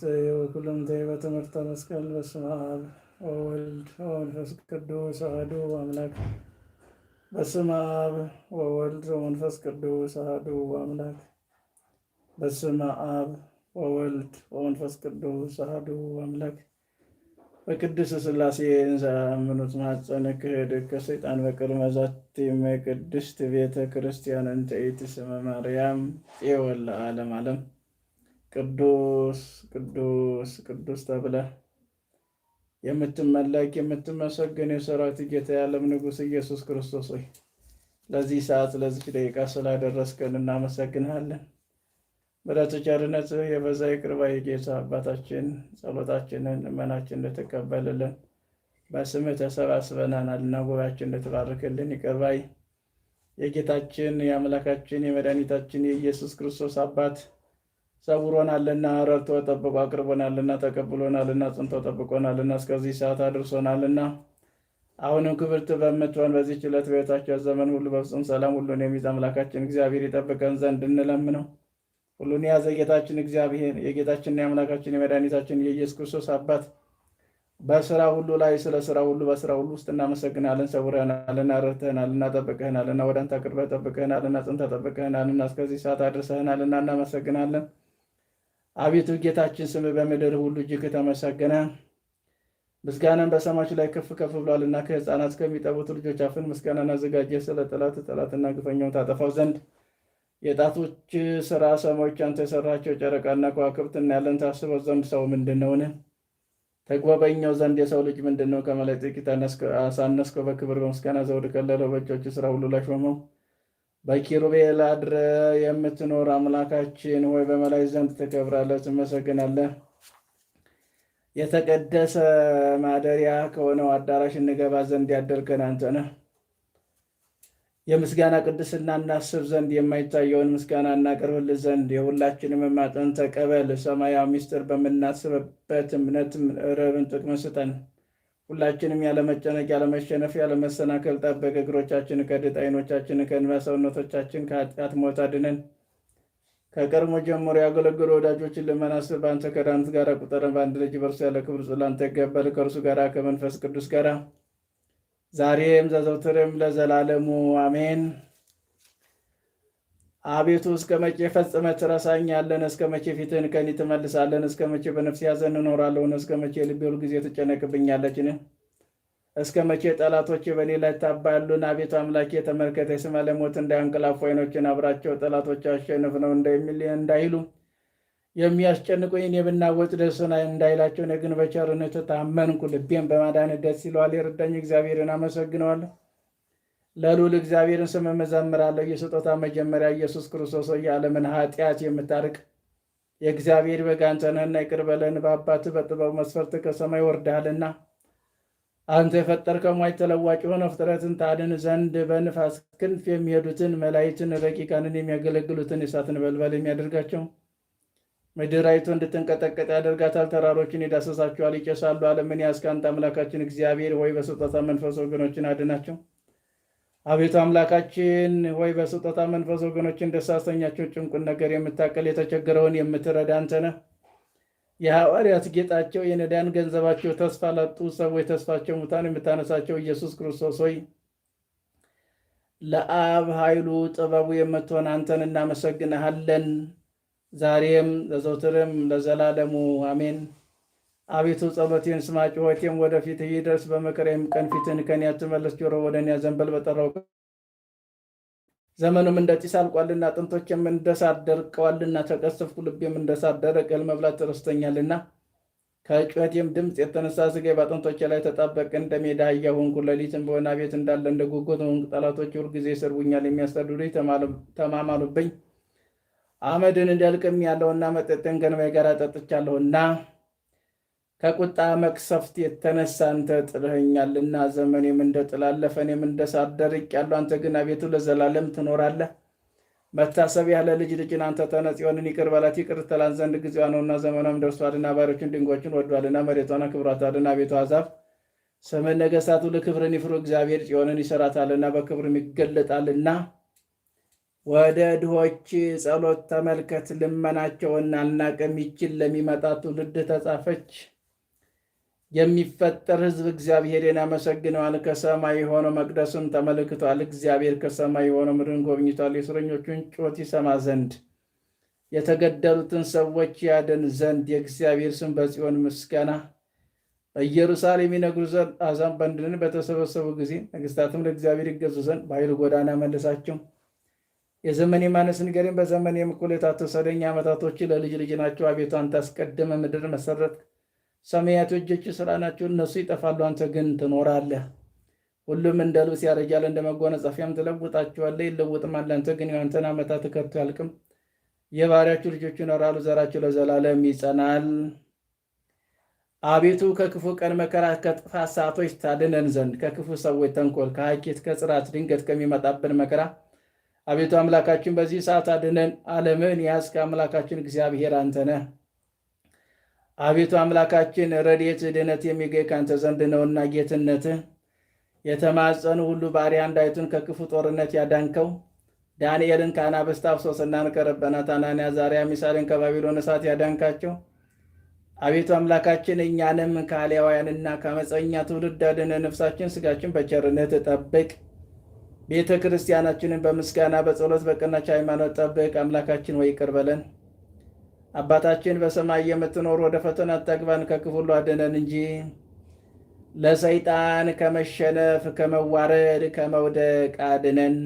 ዘየወኩሎም እንተይበ ትምህርተ መስቀል በስመ አብ ወወልድ ወመንፈስ ቅዱስ አሐዱ አምላክ በስመ አብ ወወልድ ወመንፈስ ቅዱስ አሐዱ አምላክ በስመ አብ ወወልድ ወመንፈስ ቅዱስ አሐዱ አምላክ በቅድስ ሥላሴ እንዘአምኑት ማፀነ ክህድግ ከሰይጣን በቀር መዛት ቅድስት ቤተ ክርስቲያን እንተ ኢትስመ ማርያም ፄወለ ዓለም ዓለም ቅዱስ ቅዱስ ቅዱስ ተብለህ የምትመለክ የምትመሰገን የሰራዊት ጌታ የዓለም ንጉሥ ኢየሱስ ክርስቶስ ሆይ ለዚህ ሰዓት ለዚህ ደቂቃ ስላደረስከን እናመሰግንሃለን። ምሕረት የበዛ ይቅር የጌታ አባታችን ጸሎታችንን ልመናችን እንድትቀበልልን በስምህ ተሰባስበናልና ጉባኤያችን እንድትባርክልን ይቅር ባይ የጌታችን የአምላካችን የመድኃኒታችን የኢየሱስ ክርስቶስ አባት ሰውሮናልና ረድቶ ጠብቆ አቅርቦናልና ተቀብሎናልና ጽንቶ ጠብቆናልና እስከዚህ ሰዓት አድርሶናልና አሁንም ክብርት በምትሆን በዚህ ችለት በሕይወታችን ዘመን ሁሉ በፍጹም ሰላም ሁሉን የሚይዝ አምላካችን እግዚአብሔር ይጠብቀን ዘንድ እንለምነው። ሁሉን የያዘ ጌታችን እግዚአብሔር የጌታችንና የአምላካችን የመድኃኒታችን የኢየሱስ ክርስቶስ አባት በስራ ሁሉ ላይ ስለ ስራ ሁሉ በስራ ሁሉ ውስጥ እናመሰግናለን። ሰውረህናልና፣ ረድተህናልና፣ ጠብቀህናልና፣ ወደ አንተ ጠብቀህናልና፣ ጽንተህ ጠብቀህናልና፣ እስከዚህ ሰዓት አድርሰህናልና እናመሰግናለን። አቤቱ ጌታችን ስም በምድር ሁሉ እጅግ የተመሰገነ ምስጋናን በሰማች ላይ ከፍ ከፍ ብሏልና ከህፃናት ከሚጠቡት ልጆች አፍን ምስጋናን አዘጋጀ ስለ ጠላት ጠላትና ግፈኛውን ታጠፋው ዘንድ የጣቶች ስራ ሰማዮች አንተ የሰራቸው ጨረቃና ከዋክብት እናያለን። ታስበው ዘንድ ሰው ምንድን ነውን? ተጎበኘው ዘንድ የሰው ልጅ ምንድን ነው? ከመላእክት ጥቂት አሳነስከው። በክብር በምስጋና ዘውድ ከለለው። በእጆች ስራ ሁሉ ላይ ሾመው። በኪሩቤል አድረ የምትኖር አምላካችን ሆይ በመላይ ዘንድ ትከብራለህ፣ ትመሰግናለህ። የተቀደሰ ማደሪያ ከሆነው አዳራሽ እንገባ ዘንድ ያደርገን አንተ ነህ። የምስጋና ቅድስና እናስብ ዘንድ የማይታየውን ምስጋና እናቀርብልህ ዘንድ የሁላችንም ማጠን ተቀበል። ሰማያዊ ምስጢር በምናስብበት እምነት ረብን ጥቅም ስጠን። ሁላችንም ያለመጨነቅ ያለመሸነፍ ያለመሰናከል ጠበቅ። እግሮቻችን ከድጥ አይኖቻችን ከእንባ ሰውነቶቻችን ከኃጢአት ሞት አድነን። ከቀድሞ ጀምሮ ያገለገሉ ወዳጆችን ልመናስብ በአንተ ከዳንት ጋር ቁጠረን። በአንድ ልጅ በእርሱ ያለ ክብር ጽላንተ ይገባል ከእርሱ ጋር ከመንፈስ ቅዱስ ጋር ዛሬም ዘዘውትርም ለዘላለሙ አሜን። አቤቱ እስከ መቼ ፈጽመህ ትረሳኛለህ? እስከ መቼ ፊትህን ከኒ ትመልሳለን? እስከ መቼ በነፍስ ያዘን እኖራለሁን? እስከ መቼ ልቤ ጊዜ ትጨነቅብኛለችን? እስከ መቼ ጠላቶች በእኔ ላይ ታባሉን? አቤቱ አምላኬ ተመልከተኝ፣ ስማ፣ ለሞት እንዳያንቀላፉ ዓይኖችን አብራቸው። ጠላቶች አሸንፍ ነው እንዳይሉ የሚያስጨንቁኝ እኔ ብናወጥ ደስ እንዳይላቸው። እኔ ግን በቸርነትህ ታመንኩ፣ ልቤን በማዳን ደስ ይለዋል። የረዳኝ እግዚአብሔርን አመሰግነዋለሁ። ለልዑል እግዚአብሔርን ስም እዘምራለሁ። የስጦታ መጀመሪያ ኢየሱስ ክርስቶስ የዓለምን ኃጢአት የምታርቅ የእግዚአብሔር በግ አንተ ነህና ይቅር በለን። በአባትህ በጥበብ መስፈርት ከሰማይ ወርዳልና አንተ የፈጠርከው ሟች ተለዋጭ የሆነ ፍጥረትን ታድን ዘንድ በንፋስ ክንፍ የሚሄዱትን መላይትን ረቂቃንን የሚያገለግሉትን እሳት በልበል የሚያደርጋቸው ምድራዊቱ እንድትንቀጠቀጥ ያደርጋታል። ተራሮችን ይዳሰሳቸዋል፣ ይጨሳሉ። ዓለምን ያስካንት አምላካችን እግዚአብሔር ሆይ በስጦታ መንፈስ ወገኖችን አድናቸው። አቤቱ አምላካችን ወይ በስጦታ መንፈስ ወገኖችን ደስ አሰኛቸው። ጭንቁን ነገር የምታቀል የተቸገረውን የምትረዳ አንተ ነህ። የሐዋርያት ጌጣቸው የነዳያን ገንዘባቸው ተስፋ ላጡ ሰዎች ተስፋቸው ሙታን የምታነሳቸው ኢየሱስ ክርስቶስ ሆይ ለአብ ኃይሉ ጥበቡ የምትሆን አንተን እናመሰግንሃለን ዛሬም ለዘውትርም ለዘላለሙ አሜን። አቤቱ ጸሎቴን ስማ፣ ጩኸቴም ወደፊት ፊትህ ይድረስ። በመከራዬም ቀን ፊትህን ከኔ አትመለስ፣ ጆሮ ወደ እኔ ዘንበል። በጠራው ዘመኑም እንደ ጢስ አልቋልና፣ አጥንቶቼም እንደ ሳር ደርቀዋልና። ተቀሰፍኩ፣ ልቤም እንደ ሳር ደረቀ፣ እህል መብላት ረስተኛልና። ከጩኸቴም ድምፅ የተነሳ ሥጋዬ በአጥንቶቼ ላይ ተጣበቀ፣ እንደ ሜዳ አህያ ሆንኩ። ሌሊትም በወህኒ ቤት እንዳለ እንደ ጉጉት ሆንኩ። ጠላቶቼ ሁልጊዜ ይሰድቡኛል፣ የሚያሳድዱኝ ተማማሉብኝ። አመድን እንዳልቅም ያለውና መጠጤን ከእንባ ጋር ጠጥቻለሁና ከቁጣ መቅሰፍት የተነሳ አንተ ጥለኸኛልና፣ ዘመኔም እንደ ጥላ አለፈ፣ እኔም እንደ ሳር ደርቄአለሁ። አንተ ግን አቤቱ ለዘላለም ትኖራለህ። መታሰብ ያለ ልጅ ልጅን አንተ ተነ ጽዮንን ይቅር በላት፣ ይቅር ትላን ዘንድ ጊዜዋ ነውና ዘመኗም ደርሷልና። ባሪዎችን ድንጎችን ወዷልና፣ መሬቷና ክብሯታልና አቤቱ አዛብ ስምህን ነገሥታት ሁሉ ክብርን ይፍሩ፣ እግዚአብሔር ጽዮንን ይሰራታልና በክብርም ይገለጣልና። ወደ ድሆች ጸሎት ተመልከት፣ ልመናቸውና አልናቅም። ይችል ለሚመጣ ትውልድ ተጻፈች። የሚፈጠር ሕዝብ እግዚአብሔርን ያመሰግነዋል። ከሰማይ የሆነ መቅደሱን ተመልክቷል። እግዚአብሔር ከሰማይ የሆነ ምድርን ጎብኝቷል፣ የእስረኞቹን ጩኸት ይሰማ ዘንድ የተገደሉትን ሰዎች ያደን ዘንድ። የእግዚአብሔር ስም በጽዮን ምስጋና በኢየሩሳሌም ይነግሩ ዘንድ። አሕዛብ በአንድነት በተሰበሰቡ ጊዜ ነገሥታትም ለእግዚአብሔር ይገዙ ዘንድ። በኃይል ጎዳና መለሳቸው። የዘመን የማነስ ንገረኝ፣ በዘመን የምኩሌታ ተሰደኝ ዓመታቶች ለልጅ ልጅ ናቸው። አቤቱ አንተ ምድር መሰረት ሰማያት እጆች ስራ ናቸው፣ እነሱ ይጠፋሉ፣ አንተ ግን ትኖራለህ። ሁሉም እንደ ልብስ ያረጃል፣ እንደ መጎነጸፊያም ትለውጣቸዋለህ፣ ይለወጥማል። አንተ ግን የአንተን ዓመታት ከቶ ያልቅም የባሪያችሁ ልጆች ይኖራሉ፣ ዘራቸው ለዘላለም ይጸናል። አቤቱ ከክፉ ቀን መከራ፣ ከጥፋት ሰዓቶች ታድነን ዘንድ ከክፉ ሰዎች ተንኮል፣ ከሐኬት፣ ከጽራት፣ ድንገት ከሚመጣብን መከራ አቤቱ አምላካችን በዚህ ሰዓት አድነን። ዓለምን ያስከ አምላካችን እግዚአብሔር አንተ ነህ። አቤቱ አምላካችን ረድኤት ድነት የሚገኝ ካንተ ዘንድ ነውና ጌትነትህ የተማጸኑ ሁሉ ባሪያ አንዳይቱን ከክፉ ጦርነት ያዳንከው ዳንኤልን ከአናብስት አፍ ሶስናን ከረበናት አናንያ ዛሪያ ሚሳኤልን ከባቢሎን እሳት ያዳንካቸው አቤቱ አምላካችን እኛንም ከአሊያውያንና ከአመፀኛ ትውልድ አድነህ። ነፍሳችን ስጋችን በቸርነት ጠብቅ። ቤተ ክርስቲያናችንን በምስጋና በጸሎት በቀናች ሃይማኖት ጠብቅ። አምላካችን ወይ ይቅር በለን። አባታችን በሰማይ የምትኖር ወደ ፈተና አታግባን ከክፉ ሁሉ አድነን እንጂ ለሰይጣን ከመሸነፍ ከመዋረድ ከመውደቅ አድነን።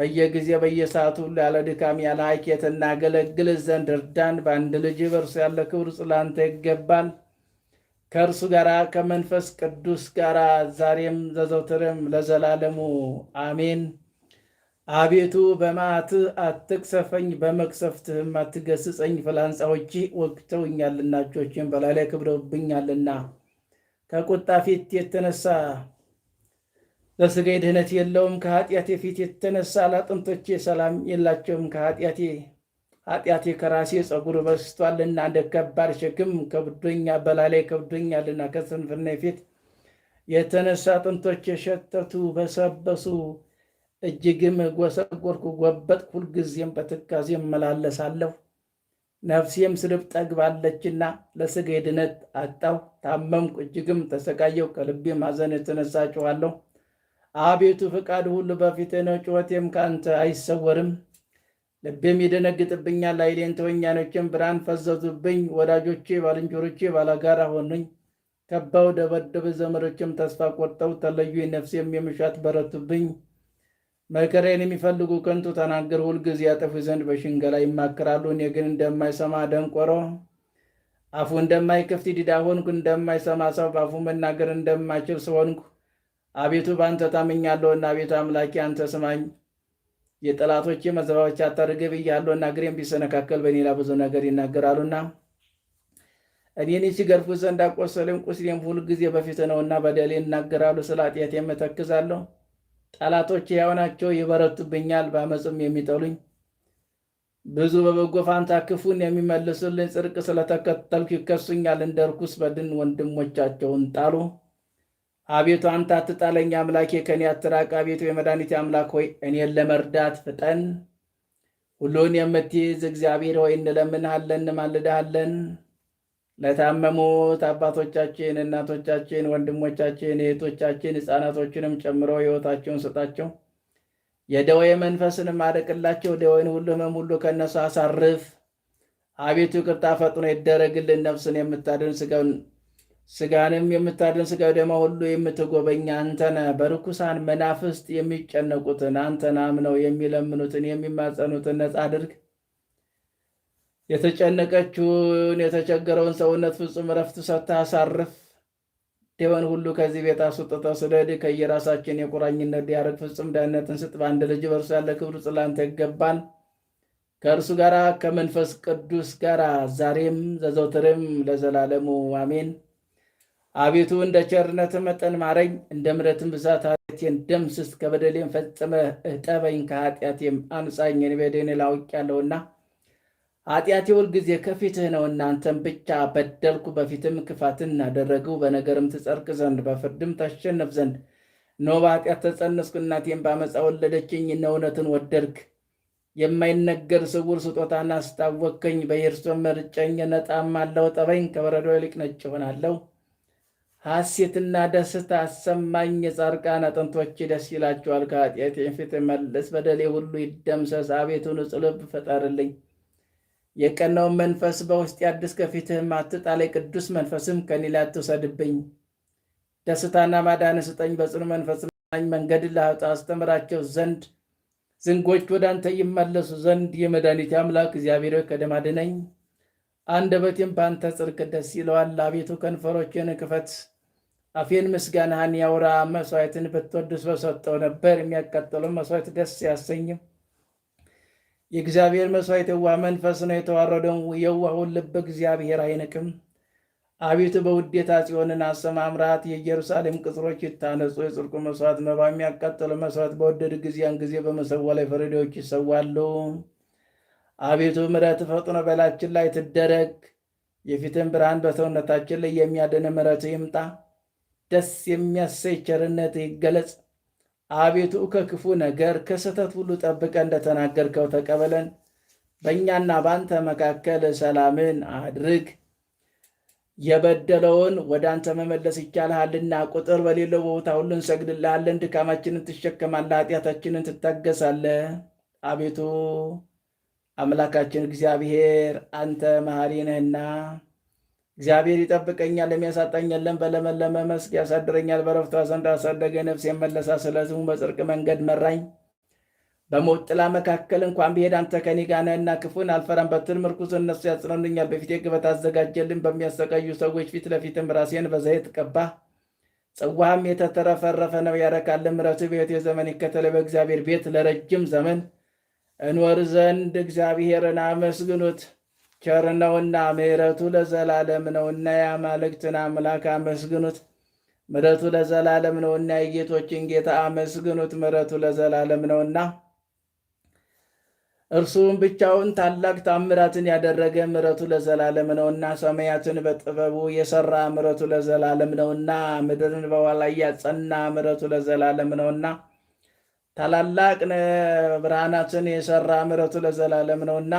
በየጊዜ በየሰዓቱ ያለ ድካም ያለ ሀኬት እናገለግል ዘንድ እርዳን። በአንድ ልጅ በእርሱ ያለ ክብር ጽላንተ ይገባል። ከእርሱ ጋር ከመንፈስ ቅዱስ ጋር ዛሬም ዘዘውትርም ለዘላለሙ አሜን። አቤቱ በመዓት አትቅሰፈኝ፣ በመቅሰፍትህም አትገስጸኝ። ፍላጻዎች ወግተውኛልና እጆቼን በላይ ላይ ከብደውብኛልና ከቁጣ ፊት የተነሳ ለስጋ ድህነት የለውም። ከኃጢአቴ ፊት የተነሳ ለአጥንቶቼ ሰላም የላቸውም። ከኃጢአቴ ኃጢአቴ ከራሴ ጸጉር በስቷልና እንደ ከባድ ሸክም ከብዶኛ በላላይ ከብዶኛልና ከስንፍና ፊት የተነሳ አጥንቶቼ ሸተቱ በሰበሱ እጅግም ጎሰጎርኩ ጎበጥኩ፣ ሁልጊዜም በትካዜ እመላለሳለሁ። ነፍሴም ስልብ ጠግባለችና ለስጋ ድነት አጣሁ። ታመምኩ፣ እጅግም ተሰቃየሁ። ከልቤ ማዘን የተነሳ አቤቱ ፈቃድ ሁሉ በፊትህ ነው፣ ጩኸቴም ከአንተ አይሰወርም። ልቤም ይደነግጥብኛል፣ ኃይሌን ተወኛኖችን ብርሃን ፈዘዙብኝ። ወዳጆቼ ባልንጀሮቼ ባላጋራ ሆኑኝ፣ ከባው ደበደበ። ዘመዶችም ተስፋ ቆርጠው ተለዩ፣ ነፍሴም የምሻት በረቱብኝ። መከራዬን የሚፈልጉ ከንቱ ተናገር ሁልጊዜ ያጠፉ ዘንድ በሽንገላ ይማክራሉ። እኔ ግን እንደማይሰማ ደንቆሮ አፉ እንደማይከፍት ዲዳ ሆንኩ። እንደማይሰማ ሰው በአፉ መናገር እንደማይችል ስሆንኩ አቤቱ በአንተ ታምኛለሁና፣ አቤቱ አምላኪ አንተ ስማኝ። የጠላቶች መዘባዎች አታርገብ እያለሁና እግሬም ቢሰነካከል በሌላ ብዙ ነገር ይናገራሉና እኔን ሲገርፉ ዘንድ አቆሰለኝ። ቁስሌም ሁልጊዜ በፊት ነውና በደሌ እናገራሉ። ስለ ኃጢአቴም እተክዛለሁ። ጠላቶች ሕያው ናቸው፣ ይበረቱብኛል፣ በአመፅም የሚጠሉኝ ብዙ። በበጎ ፋንታ ክፉን የሚመልሱልኝ ጽድቅ ስለተከተልኩ ይከሱኛል፣ እንደ ርኩስ በድን ወንድሞቻቸውን ጣሉ። አቤቱ አንተ አትጣለኝ፣ አምላኬ ከኔ አትራቅ። አቤቱ የመድኃኒቴ አምላክ ሆይ እኔን ለመርዳት ፍጠን። ሁሉን የምትይዝ እግዚአብሔር ሆይ እንለምንሃለን፣ እንማልድሃለን። ለታመሙት አባቶቻችን፣ እናቶቻችን፣ ወንድሞቻችን፣ እህቶቻችን ህፃናቶችንም ጨምሮ ህይወታቸውን ስጣቸው። የደዌ መንፈስንም ማደቅላቸው። ደዌን ሁሉ ህመም ሁሉ ከነሱ አሳርፍ። አቤቱ ይቅርታ ፈጥኖ ይደረግልን። ነፍስን የምታድን ስጋን ስጋንም የምታድን ስጋ ደግሞ ሁሉ የምትጎበኝ አንተነ በርኩሳን መናፍስት የሚጨነቁትን አንተን አምነው የሚለምኑትን የሚማጸኑትን ነፃ አድርግ። የተጨነቀችውን የተቸገረውን ሰውነት ፍጹም ረፍት ሰጥተህ አሳርፍ። ደዌን ሁሉ ከዚህ ቤት አስወጥተህ ስደድ። ከየራሳችን የቁራኝነት ዲያርግ ፍጹም ደህንነትን ስጥ። በአንድ ልጅ በእርሱ ያለ ክብር ጽላንተ ይገባል። ከእርሱ ጋር ከመንፈስ ቅዱስ ጋር ዛሬም ዘዘውትርም ለዘላለሙ አሜን። አቤቱ እንደ ቸርነት መጠን ማረኝ፣ እንደ ምሕረትም ብዛት ኃጢአቴን ደምስስ። ከበደሌም ፈጽመ እጠበኝ፣ ከኃጢአቴም አንጻኝ። የኔ ላውቅ ያለውና ኃጢአቴ ሁልጊዜ ከፊትህ ነው። እናንተም ብቻ በደልኩ፣ በፊትም ክፋትን አደረግሁ። በነገርም ትጸርቅ ዘንድ በፍርድም ታሸነፍ ዘንድ ኖ በኃጢአት ተጸነስኩ፣ እናቴም በዓመፃ ወለደችኝ። እውነትን ወደድክ፣ የማይነገር ስውር ስጦታን አስታወከኝ። በየርሶ መርጨኝ፣ አለው ጠበኝ፣ ከበረዶ ይልቅ ነጭ እሆናለሁ። ሐሴትና ደስታ አሰማኝ፣ የጻድቃን አጥንቶች ደስ ይላቸዋል። ከኃጢአቴ ፊት መልስ፣ በደሌ ሁሉ ይደምሰስ። አቤቱ ንጹሕ ልብ ፈጠርልኝ። የቀናውን መንፈስ በውስጥ አዲስ ከፊትህም አትጣለኝ፣ ቅዱስ መንፈስም ከኔ ላይ አትውሰድብኝ። ደስታና ማዳን ስጠኝ፣ በጽኑ መንፈስ ማኝ መንገድ ለአሕፃ አስተምራቸው ዘንድ ዝንጎች ወደ አንተ ይመለሱ ዘንድ የመድኃኒቴ አምላክ እግዚአብሔር ከደም አድነኝ። አንደበቴም በአንተ ጽድቅ ደስ ይለዋል። አቤቱ ከንፈሮቼን ክፈት፣ አፌን ምስጋናህን ያውራ። መስዋዕትን ብትወድስ በሰጠው ነበር፣ የሚያቃጥለው መሥዋዕት ደስ ያሰኝም የእግዚአብሔር መስዋዕት የዋህ መንፈስ ነው። የተዋረደው የዋሁን ልብ እግዚአብሔር አይንቅም። አቤቱ በውዴታ ጽዮንን አሰማምራት፣ የኢየሩሳሌም ቅጥሮች ይታነጹ። የጽድቁ መስዋዕት መባ የሚያቃጥለው መስዋዕት በወደድ ጊዜያን ጊዜ በመሰዋ ላይ ፈረዳዎች ይሰዋሉ። አቤቱ ምረት ፈጥኖ በላችን ላይ ትደረግ። የፊትን ብርሃን በሰውነታችን ላይ የሚያደነ ምሕረት ይምጣ። ደስ የሚያሰይ ቸርነት ይገለጽ። አቤቱ ከክፉ ነገር ከስህተት ሁሉ ጠብቀ እንደተናገርከው ተቀበለን። በእኛና በአንተ መካከል ሰላምን አድርግ። የበደለውን ወደ አንተ መመለስ ይቻልሃልና ቁጥር በሌለው ቦታ ሁሉ እንሰግድልሃለን። ድካማችንን ትሸከማለህ፣ ኃጢአታችንን ትታገሳለህ። አቤቱ አምላካችን እግዚአብሔር አንተ መሐሪ ነህና እግዚአብሔር ይጠብቀኛል፣ የሚያሳጣኝ የለም። በለመለመ መስክ ያሳድረኛል፣ በረፍቷ ዘንድ አሳደገ። ነፍሴ የመለሳ ስለ ስሙ መንገድ መራኝ። በሞት ጥላ መካከል እንኳን ብሄድ አንተ ከኔ ጋር ነህና ክፉን አልፈራም። በትር ምርኩስ እነሱ ያጽናኑኛል። በፊት ግበት አዘጋጀልን፣ በሚያሰቃዩ ሰዎች ፊት ለፊትም ራሴን በዘይት ቀባ ጽዋም የተተረፈረፈ ነው፣ ያረካል። ምረት በሕይወቴ የዘመን ይከተለ በእግዚአብሔር ቤት ለረጅም ዘመን እኖር ዘንድ እግዚአብሔርን አመስግኑት። ቸርነውና ምሕረቱ ለዘላለም ነውና የአማልክትን አምላክ አመስግኑት። ምሕረቱ ለዘላለም ነውና የጌቶችን ጌታ አመስግኑት። ምሕረቱ ለዘላለም ነውና እርሱም ብቻውን ታላቅ ታምራትን ያደረገ ምሕረቱ ለዘላለም ነውና ሰማያትን በጥበቡ የሰራ ምሕረቱ ለዘላለም ነውና ምድርን በኋላ ያጸና ምሕረቱ ለዘላለም ነውና ታላላቅ ብርሃናትን የሰራ ምሕረቱ ለዘላለም ነውና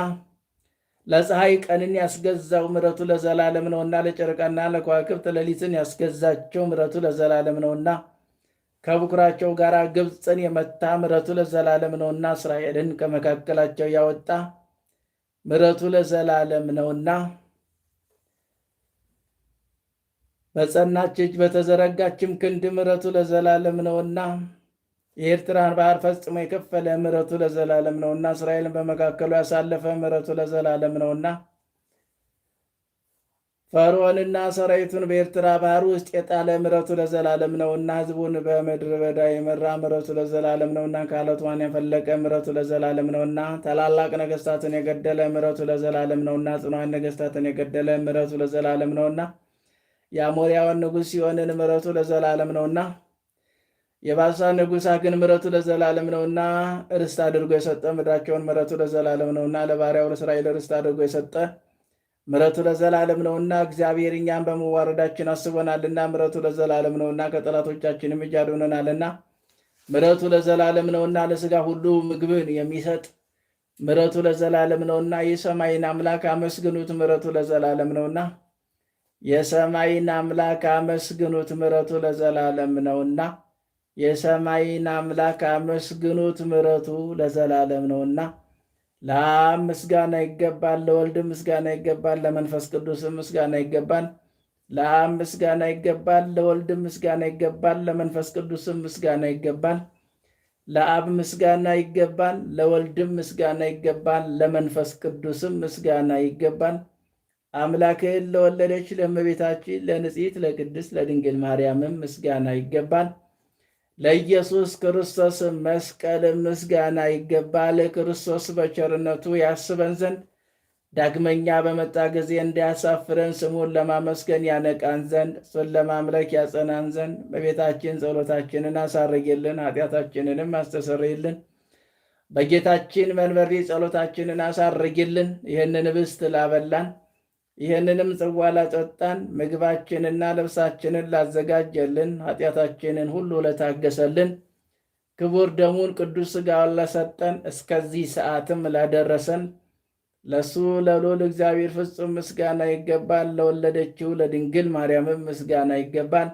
ለፀሐይ ቀንን ያስገዛው ምረቱ ለዘላለም ነውና፣ ለጨረቃና ለከዋክብት ሌሊትን ያስገዛቸው ምረቱ ለዘላለም ነውና፣ ከብኩራቸው ጋር ግብፅን የመታ ምረቱ ለዘላለም ነውና፣ እስራኤልን ከመካከላቸው ያወጣ ምረቱ ለዘላለም ነውና፣ በጸናች እጅ በተዘረጋችም ክንድ ምረቱ ለዘላለም ነውና የኤርትራን ባህር ፈጽሞ የከፈለ ምሕረቱ ለዘላለም ነውና እስራኤልን በመካከሉ ያሳለፈ ምሕረቱ ለዘላለም ነውና ፈርዖንና ሰራዊቱን በኤርትራ ባህር ውስጥ የጣለ ምሕረቱ ለዘላለም ነውና ሕዝቡን በምድረ በዳ የመራ ምሕረቱ ለዘላለም ነውና ከአለቷን የፈለቀ ምሕረቱ ለዘላለም ነውና ታላላቅ ነገስታትን የገደለ ምሕረቱ ለዘላለም ነውና ጽኗን ነገስታትን የገደለ ምሕረቱ ለዘላለም ነውና የአሞሪያውን ንጉሥ ሲሆንን ምሕረቱ ለዘላለም ነውና የባሳ ንጉሳ ግን ምረቱ ለዘላለም ነውና ርስት አድርጎ የሰጠ ምድራቸውን ምረቱ ለዘላለም ነውና ለባሪያው ለእስራኤል ርስት አድርጎ የሰጠ ምረቱ ለዘላለም ነውና እግዚአብሔር እኛም በመዋረዳችን አስቦናልና ምረቱ ለዘላለም ነውና ከጠላቶቻችንም እጅ አድኖናልና ምረቱ ለዘላለም ነውና ለስጋ ሁሉ ምግብን የሚሰጥ ምረቱ ለዘላለም ነውና የሰማይን አምላክ አመስግኑት ምረቱ ለዘላለም ነውና የሰማይን አምላክ አመስግኑት ምረቱ ለዘላለም ነውና የሰማይን አምላክ አመስግኑት፣ ምሕረቱ ለዘላለም ነውና። ለአብ ምስጋና ይገባል፣ ለወልድ ምስጋና ይገባል፣ ለመንፈስ ቅዱስ ምስጋና ይገባል። ለአብ ምስጋና ይገባል፣ ለወልድ ምስጋና ይገባል፣ ለመንፈስ ቅዱስ ምስጋና ይገባል። ለአብ ምስጋና ይገባል፣ ለወልድ ምስጋና ይገባል፣ ለመንፈስ ቅዱስ ምስጋና ይገባል። አምላክህን ለወለደች ለእመቤታችን ለንጽሕት ለቅድስት ለድንግል ማርያምም ምስጋና ይገባል። ለኢየሱስ ክርስቶስ መስቀል ምስጋና ይገባል። ክርስቶስ በቸርነቱ ያስበን ዘንድ ዳግመኛ በመጣ ጊዜ እንዳያሳፍረን ስሙን ለማመስገን ያነቃን ዘንድ እሱን ለማምለክ ያጸናን ዘንድ በቤታችን ጸሎታችንን አሳርግልን፣ ኃጢአታችንንም አስተሰርይልን። በጌታችን መንበሪ ጸሎታችንን አሳርግልን። ይህንን ህብስት ላበላን ይህንንም ጽዋ ላጠጣን ምግባችንና ልብሳችንን ላዘጋጀልን ኃጢአታችንን ሁሉ ለታገሰልን ክቡር ደሙን ቅዱስ ሥጋውን ለሰጠን እስከዚህ ሰዓትም ላደረሰን ለሱ ለሎል እግዚአብሔር ፍጹም ምስጋና ይገባል። ለወለደችው ለድንግል ማርያምም ምስጋና ይገባል።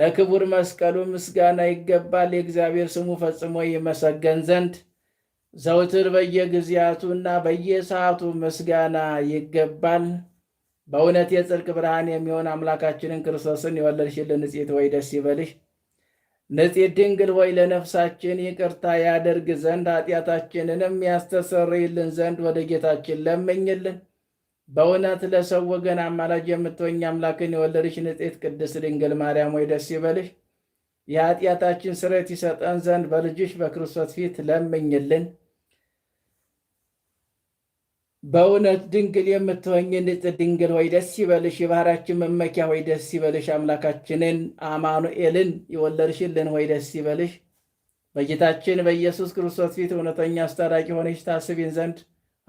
ለክቡር መስቀሉ ምስጋና ይገባል። የእግዚአብሔር ስሙ ፈጽሞ ይመሰገን ዘንድ ዘውትር በየጊዜያቱና በየሰዓቱ ምስጋና ይገባል። በእውነት የጽድቅ ብርሃን የሚሆን አምላካችንን ክርስቶስን የወለድሽልን ንጽሕት ወይ ደስ ይበልሽ። ንጽሕት ድንግል ሆይ ለነፍሳችን ይቅርታ ያደርግ ዘንድ ኃጢአታችንንም ያስተሰርይልን ዘንድ ወደ ጌታችን ለምኝልን። በእውነት ለሰው ወገን አማላጅ የምትወኝ አምላክን የወለድሽ ንጽሕት ቅድስት ድንግል ማርያም ወይ ደስ ይበልሽ። የኃጢአታችን ስርየት ይሰጠን ዘንድ በልጅሽ በክርስቶስ ፊት ለምኝልን። በእውነት ድንግል የምትሆኝን ድንግል ሆይ ደስ ይበልሽ፣ የባህራችን መመኪያ ሆይ ደስ ይበልሽ፣ አምላካችንን አማኑኤልን የወለድሽልን ሆይ ደስ ይበልሽ። በጌታችን በኢየሱስ ክርስቶስ ፊት እውነተኛ አስታራቂ ሆነች ታስቢን ዘንድ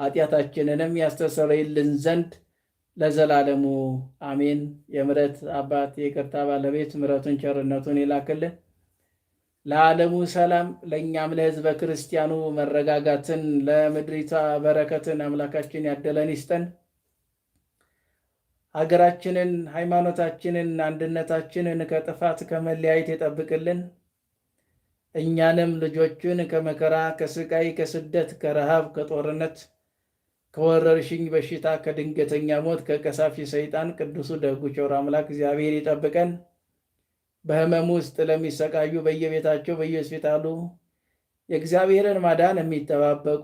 ኃጢአታችንንም ያስተሰረይልን ዘንድ ለዘላለሙ አሜን። የምረት አባት የቅርታ ባለቤት ምረቱን ቸርነቱን ይላክልን። ለዓለሙ ሰላም ለእኛም ለሕዝበ ክርስቲያኑ መረጋጋትን ለምድሪቷ በረከትን አምላካችን ያደለን ይስጠን። ሀገራችንን፣ ሃይማኖታችንን፣ አንድነታችንን ከጥፋት ከመለያየት ይጠብቅልን። እኛንም ልጆቹን ከመከራ ከስቃይ፣ ከስደት፣ ከረሃብ፣ ከጦርነት፣ ከወረርሽኝ በሽታ፣ ከድንገተኛ ሞት፣ ከቀሳፊ ሰይጣን ቅዱሱ ደጉ አምላክ እግዚአብሔር ይጠብቀን። በህመም ውስጥ ለሚሰቃዩ በየቤታቸው በየሆስፒታሉ የእግዚአብሔርን ማዳን የሚጠባበቁ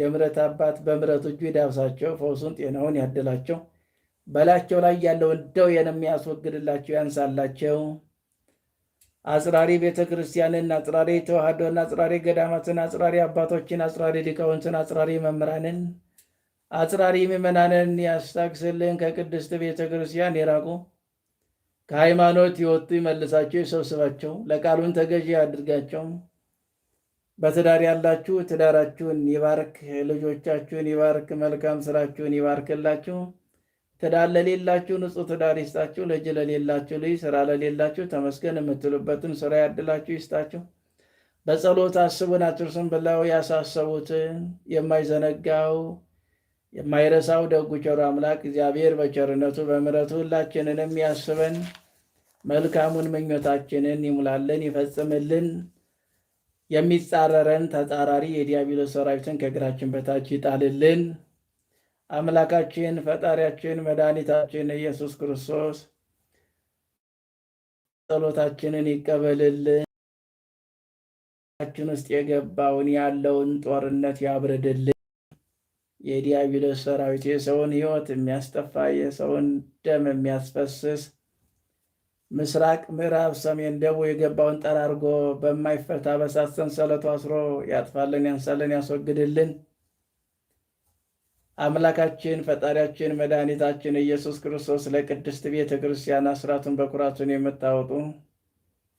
የምሕረት አባት በምሕረቱ እጁ ይዳብሳቸው፣ ፈውሱን ጤናውን ያድላቸው፣ በላቸው ላይ ያለውን ደዌን የሚያስወግድላቸው ያንሳላቸው። አጽራሪ ቤተ ክርስቲያንን፣ አጽራሪ ተዋህዶን፣ አጽራሪ ገዳማትን፣ አጽራሪ አባቶችን፣ አጽራሪ ሊቃውንትን፣ አጽራሪ መምህራንን፣ አጽራሪ ምዕመናንን ያስታግስልን። ከቅድስት ቤተ ክርስቲያን የራቁ ከሃይማኖት ይወጡ ይመልሳቸው፣ ይሰብስባቸው፣ ለቃሉን ተገዢ አድርጋቸው። በትዳር ያላችሁ ትዳራችሁን ይባርክ፣ ልጆቻችሁን ይባርክ፣ መልካም ስራችሁን ይባርክላችሁ። ትዳር ለሌላችሁ ንጹህ ትዳር ይስጣችሁ። ልጅ ለሌላችሁ ልጅ፣ ስራ ለሌላችሁ ተመስገን የምትሉበትን ስራ ያድላችሁ፣ ይስጣችሁ። በጸሎት አስቡን አትርሱን ብለው ያሳሰቡት የማይዘነጋው የማይረሳው ደጉ ቸሩ አምላክ እግዚአብሔር በቸርነቱ በምረቱ ሁላችንንም ያስበን፣ መልካሙን ምኞታችንን ይሙላልን፣ ይፈጽምልን። የሚጻረረን ተጻራሪ የዲያብሎስ ሰራዊትን ከእግራችን በታች ይጣልልን። አምላካችን ፈጣሪያችን መድኃኒታችን ኢየሱስ ክርስቶስ ጸሎታችንን ይቀበልልን። ችን ውስጥ የገባውን ያለውን ጦርነት ያብርድልን። የዲያብሎስ ሰራዊት የሰውን ህይወት የሚያስጠፋ የሰውን ደም የሚያስፈስስ ምስራቅ፣ ምዕራብ፣ ሰሜን፣ ደቡብ የገባውን ጠራርጎ በማይፈታ በሳት ሰንሰለቱ አስሮ ያጥፋልን፣ ያንሳልን፣ ያስወግድልን። አምላካችን ፈጣሪያችን መድኃኒታችን ኢየሱስ ክርስቶስ ለቅድስት ቤተ ክርስቲያን አስራቱን በኩራቱን የምታወጡ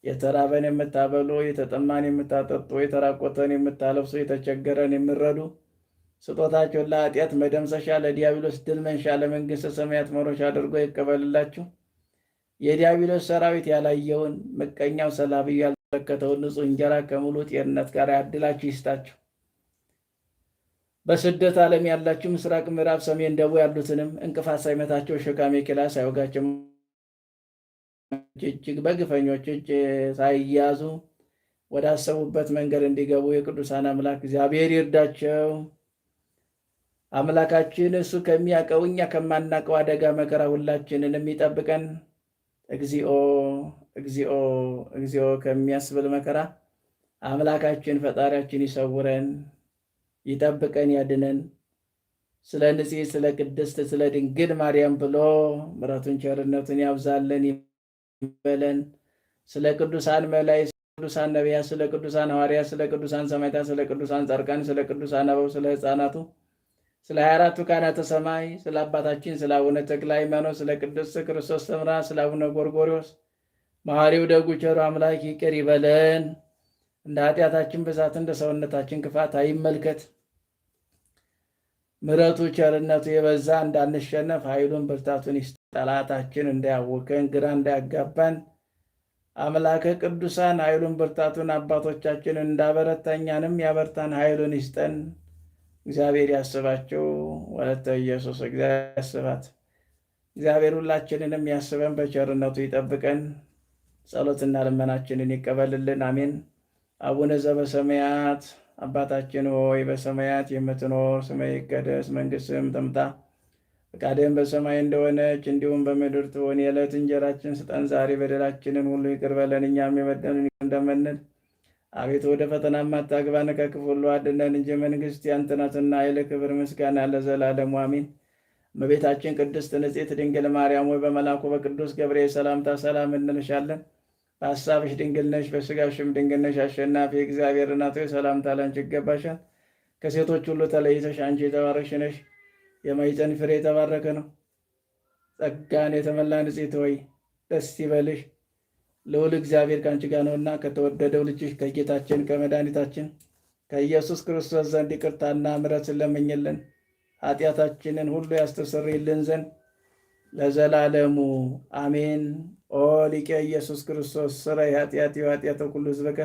የተራበን የምታበሉ፣ የተጠማን የምታጠጡ፣ የተራቆተን የምታለብሱ፣ የተቸገረን የምረዱ ስጦታቸውን ለኃጢአት መደምሰሻ ለዲያብሎስ ድል መንሻ ለመንግሥተ ሰማያት መሮሻ አድርጎ ይቀበልላችሁ። የዲያብሎስ ሰራዊት ያላየውን ምቀኛው ሰላቢው ያልተመለከተውን ንጹሕ እንጀራ ከሙሉ ጤንነት ጋር ያድላችሁ ይስጣችሁ። በስደት ዓለም ያላችሁ ምስራቅ፣ ምዕራብ፣ ሰሜን፣ ደቡብ ያሉትንም እንቅፋት ሳይመታቸው ሸካሜ ሜኬላ ሳይወጋቸው እጅግ በግፈኞች እጅ ሳይያዙ ወዳሰቡበት መንገድ እንዲገቡ የቅዱሳን አምላክ እግዚአብሔር ይርዳቸው። አምላካችን እሱ ከሚያውቀው እኛ ከማናውቀው አደጋ መከራ ሁላችንን የሚጠብቀን እግዚኦ እግዚኦ እግዚኦ ከሚያስብል መከራ አምላካችን ፈጣሪያችን ይሰውረን፣ ይጠብቀን፣ ያድነን። ስለ ንጽሕት ስለ ቅድስት ስለ ድንግል ማርያም ብሎ ምሕረቱን ቸርነቱን ያብዛለን ይበለን። ስለ ቅዱሳን መላእክት፣ ቅዱሳን ነቢያት፣ ስለ ቅዱሳን ሐዋርያት፣ ስለ ቅዱሳን ሰማዕታት፣ ስለ ቅዱሳን ጻድቃን፣ ስለ ቅዱሳን አበው፣ ስለ ሕፃናቱ ስለ 24 ካናተ ካህናተ ሰማይ፣ ስለ አባታችን ስለ አቡነ ተክለ ሃይማኖት፣ ስለ ቅዱስ ክርስቶስ ተምራ ስለ አቡነ ጎርጎሪዎስ መሐሪው ደጉ ቸሩ አምላክ ይቅር ይበለን። እንደ ኃጢአታችን ብዛት እንደ ሰውነታችን ክፋት አይመልከት። ምረቱ ቸርነቱ የበዛ እንዳንሸነፍ ኃይሉን ብርታቱን ይስጥ። ጠላታችን እንዳያወከን ግራ እንዳያጋባን አምላከ ቅዱሳን ኃይሉን ብርታቱን አባቶቻችን እንዳበረታኛንም ያበርታን ኃይሉን ይስጠን። እግዚአብሔር ያስባቸው። ወለተ ኢየሱስ እግዚአብሔር ያስባት። እግዚአብሔር ሁላችንንም ያስበን በቸርነቱ ይጠብቀን፣ ጸሎትና ልመናችንን ይቀበልልን። አሜን። አቡነ ዘበሰማያት አባታችን ሆይ በሰማያት የምትኖር ስመ ይቀደስ፣ መንግስትም ትምጣ፣ ፈቃድህም በሰማይ እንደሆነች እንዲሁም በምድር ትሆን። የዕለት እንጀራችን ስጠን ዛሬ፣ በደላችንን ሁሉ ይቅር በለን እኛም የበደሉንን እንደምንል አቤቱ ወደ ፈተና አታግባን ከክፉ ሁሉ አድነን እንጂ መንግስት ያንተ ናትና፣ ኃይል፣ ክብር፣ ምስጋና ለዘላለሙ አሜን። እመቤታችን ቅድስት ንጽሕት ድንግል ማርያም ወይ በመልአኩ በቅዱስ ገብርኤል ሰላምታ ሰላም እንልሻለን። በሐሳብሽ ድንግል ነሽ፣ በሥጋሽም ድንግል ነሽ። አሸናፊ እግዚአብሔር እናት ሆይ ሰላምታ ላንቺ ይገባሻል። ከሴቶች ሁሉ ተለይተሽ አንቺ የተባረክሽ ነሽ፣ የማኅፀንሽ ፍሬ የተባረከ ነው። ጸጋን የተመላ ንጽሕት ሆይ ደስ ይበልሽ ልዑል እግዚአብሔር ከአንቺ ጋር ነውና ከተወደደው ልጅሽ ከጌታችን ከመድኃኒታችን ከኢየሱስ ክርስቶስ ዘንድ ይቅርታና ምሕረት ስለመኝልን ኃጢአታችንን ሁሉ ያስተሰርይልን ዘንድ ለዘላለሙ አሜን። ኦ ሊቀ ኢየሱስ ክርስቶስ ስራይ ኃጢአት የኃጢአተ ኩሉ ህዝበከ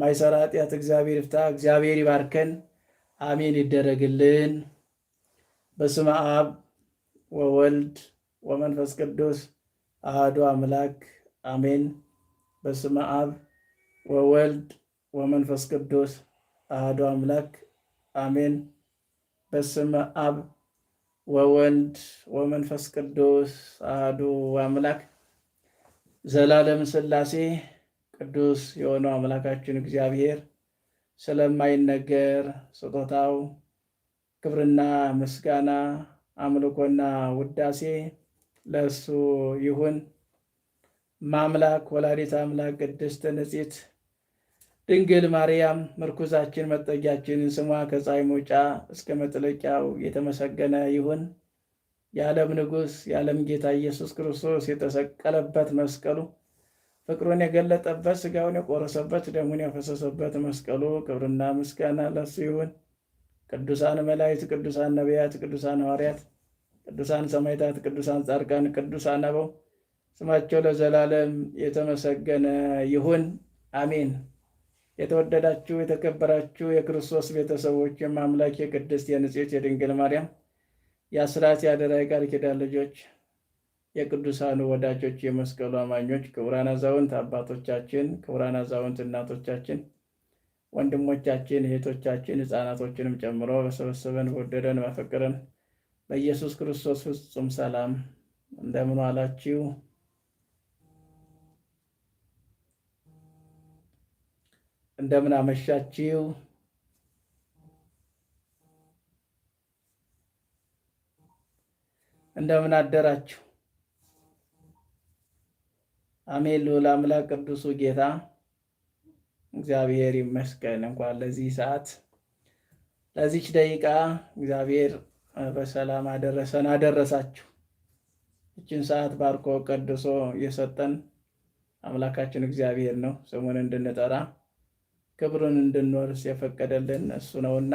ማይሰራ ኃጢአት እግዚአብሔር ይፍታ። እግዚአብሔር ይባርከን። አሜን ይደረግልን። በስመ አብ ወወልድ ወመንፈስ ቅዱስ አሐዱ አምላክ አሜን። በስመ አብ ወወልድ ወመንፈስ ቅዱስ አህዶ አምላክ አሜን። በስመ አብ ወወልድ ወመንፈስ ቅዱስ አህዱ አምላክ ዘላለም ሥላሴ ቅዱስ የሆነው አምላካችን እግዚአብሔር ስለማይነገር ስጦታው ክብርና ምስጋና አምልኮና ውዳሴ ለእሱ ይሁን። ማምላክ ወላዲት አምላክ ቅድስት ንጽሕት ድንግል ማርያም ምርኩዛችን መጠጊያችንን ስሟ ከፀሐይ መውጫ እስከ መጥለቂያው የተመሰገነ ይሁን። የዓለም ንጉሥ የዓለም ጌታ ኢየሱስ ክርስቶስ የተሰቀለበት መስቀሉ ፍቅሩን የገለጠበት ስጋውን የቆረሰበት ደሙን ያፈሰሰበት መስቀሉ ክብርና ምስጋና ለሱ ይሁን። ቅዱሳን መላእክት፣ ቅዱሳን ነቢያት፣ ቅዱሳን ሐዋርያት፣ ቅዱሳን ሰማዕታት፣ ቅዱሳን ጻድቃን፣ ቅዱሳን አበው ስማቸው ለዘላለም የተመሰገነ ይሁን፣ አሜን። የተወደዳችሁ የተከበራችሁ የክርስቶስ ቤተሰቦች የማምላክ የቅድስት የንጽሕት የድንግል ማርያም የአስራት የአደራ ቃል ኪዳን ልጆች የቅዱሳኑ ወዳጆች የመስቀሉ አማኞች ክቡራን አዛውንት አባቶቻችን፣ ክቡራን አዛውንት እናቶቻችን፣ ወንድሞቻችን፣ እህቶቻችን ህፃናቶችንም ጨምሮ በሰበሰበን በወደደን በፈቀረን በኢየሱስ ክርስቶስ ፍጹም ሰላም እንደምን አላችሁ? እንደምን አመሻችው። እንደምን አደራችሁ። አሜን። ልዑል አምላክ ቅዱሱ ጌታ እግዚአብሔር ይመስገን። እንኳን ለዚህ ሰዓት ለዚች ደቂቃ እግዚአብሔር በሰላም አደረሰን አደረሳችሁ። ይችን ሰዓት ባርኮ ቀድሶ የሰጠን አምላካችን እግዚአብሔር ነው። ስሙን እንድንጠራ ክብሩን እንድንወርስ የፈቀደልን እሱ ነውና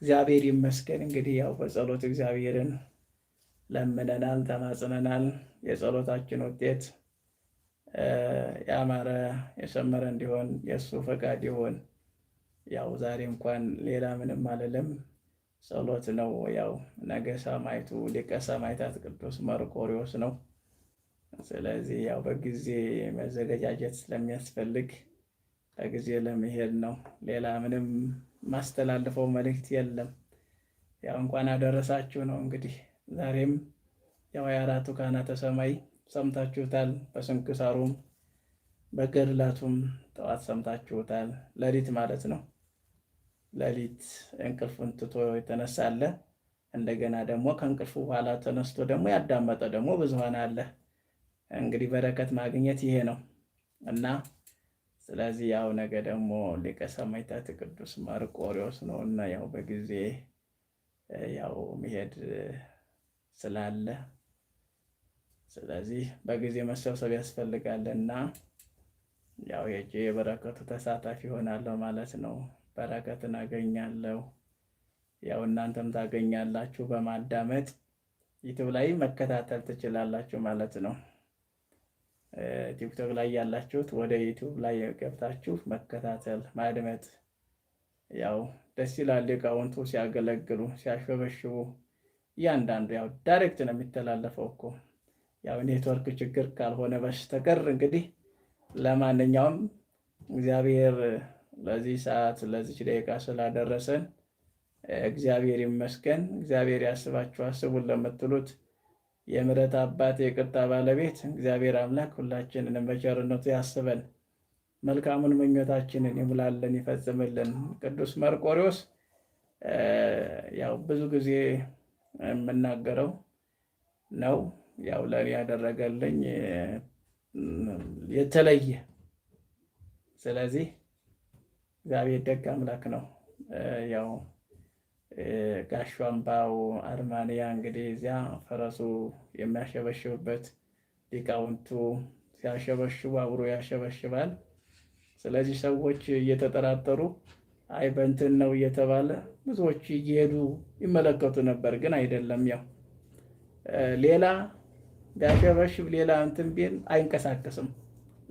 እግዚአብሔር ይመስገን። እንግዲህ ያው በጸሎት እግዚአብሔርን ለምነናል፣ ተማጽነናል። የጸሎታችን ውጤት ያማረ የሰመረ እንዲሆን የእሱ ፈቃድ ይሆን። ያው ዛሬ እንኳን ሌላ ምንም አልልም፣ ጸሎት ነው። ያው ነገ ሰማዕቱ ሊቀ ሰማዕታት ቅዱስ መርቆሪዎስ ነው። ስለዚህ ያው በጊዜ መዘገጃጀት ስለሚያስፈልግ ለጊዜ ለመሄድ ነው። ሌላ ምንም ማስተላልፈው መልእክት የለም። ያው እንኳን አደረሳችሁ ነው እንግዲህ። ዛሬም ያው የአራቱ ካህናተ ሰማይ ሰምታችሁታል። በስንክሳሩም በገድላቱም ጠዋት ሰምታችሁታል። ሌሊት ማለት ነው። ሌሊት እንቅልፉን ትቶ የተነሳለ እንደገና ደግሞ ከእንቅልፉ በኋላ ተነስቶ ደግሞ ያዳመጠ ደግሞ ብዙሃን አለ። እንግዲህ በረከት ማግኘት ይሄ ነው እና ስለዚህ ያው ነገ ደግሞ ሊቀ ሰማዕታት ቅዱስ መርቆሪዎስ ነው እና ያው በጊዜ ያው መሄድ ስላለ ስለዚህ በጊዜ መሰብሰብ እና ያው የእጅ የበረከቱ ተሳታፊ ይሆናለሁ ማለት ነው። በረከትን አገኛለሁ፣ ያው እናንተም ታገኛላችሁ። በማዳመጥ ዩቱብ ላይ መከታተል ትችላላችሁ ማለት ነው። ቲክቶክ ላይ ያላችሁት ወደ ዩቲዩብ ላይ ገብታችሁ መከታተል ማድመጥ፣ ያው ደስ ይላል። ሊቃውንቱ ሲያገለግሉ ሲያሸበሽቡ፣ እያንዳንዱ ያው ዳይሬክት ነው የሚተላለፈው እኮ ያው ኔትወርክ ችግር ካልሆነ በስተቀር እንግዲህ ለማንኛውም እግዚአብሔር ለዚህ ሰዓት ለዚች ደቂቃ ስላደረሰን እግዚአብሔር ይመስገን። እግዚአብሔር ያስባችሁ አስቡን ለምትሉት የምሕረት አባት የቅርታ ባለቤት እግዚአብሔር አምላክ ሁላችንንም በቸርነቱ ያስበን፣ መልካሙን ምኞታችንን ይሙላልን፣ ይፈጽምልን። ቅዱስ መርቆሪዎስ ያው ብዙ ጊዜ የምናገረው ነው። ያው ለእኔ ያደረገልኝ የተለየ ስለዚህ እግዚአብሔር ደግ አምላክ ነው ያው ጋሻ አምባው አርማንያ እንግዲህ እዚያ ፈረሱ የሚያሸበሽብበት ሊቃውንቱ ሲያሸበሽቡ አብሮ ያሸበሽባል። ስለዚህ ሰዎች እየተጠራጠሩ አይ በእንትን ነው እየተባለ ብዙዎች እየሄዱ ይመለከቱ ነበር። ግን አይደለም ያው ሌላ ቢያሸበሽብ ሌላ እንትን ቢል አይንቀሳቀስም።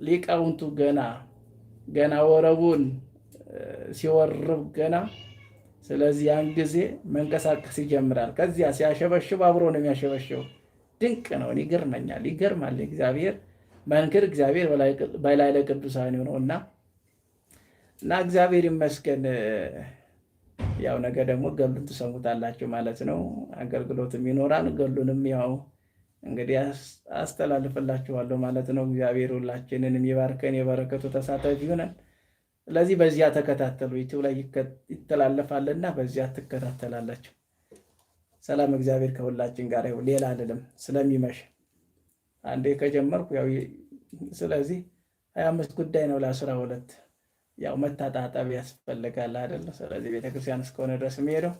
ሊቃውንቱ ገና ገና ወረቡን ሲወርብ ገና ስለዚህ ያን ጊዜ መንቀሳቀስ ይጀምራል። ከዚያ ሲያሸበሽብ አብሮ ነው የሚያሸበሽበው። ድንቅ ነው። ይገርመኛል፣ ይገርማል። እግዚአብሔር መንክር እግዚአብሔር በላይ ለቅዱሳን ነው እና እና እግዚአብሔር ይመስገን። ያው ነገ ደግሞ ገሉን ትሰሙታላችሁ ማለት ነው። አገልግሎትም ይኖራል። ገሉንም ያው እንግዲህ አስተላልፍላችኋለሁ ማለት ነው። እግዚአብሔር ሁላችንን የሚባርከን የበረከቱ ተሳታፊ ይሆናል። ስለዚህ በዚያ ተከታተሉ። ዩቲዩብ ላይ ይተላለፋልና በዚያ ትከታተላላችሁ። ሰላም እግዚአብሔር ከሁላችን ጋር ይሁን። ሌላ አይደለም። ስለሚመሽ አንዴ ከጀመርኩ ያው ስለዚህ ሀያ አምስት ጉዳይ ነው ለአስራ ሁለት ያው መታጣጠብ ያስፈልጋል አይደለ? ስለዚህ ቤተክርስቲያን እስከሆነ ድረስ የሚሄደው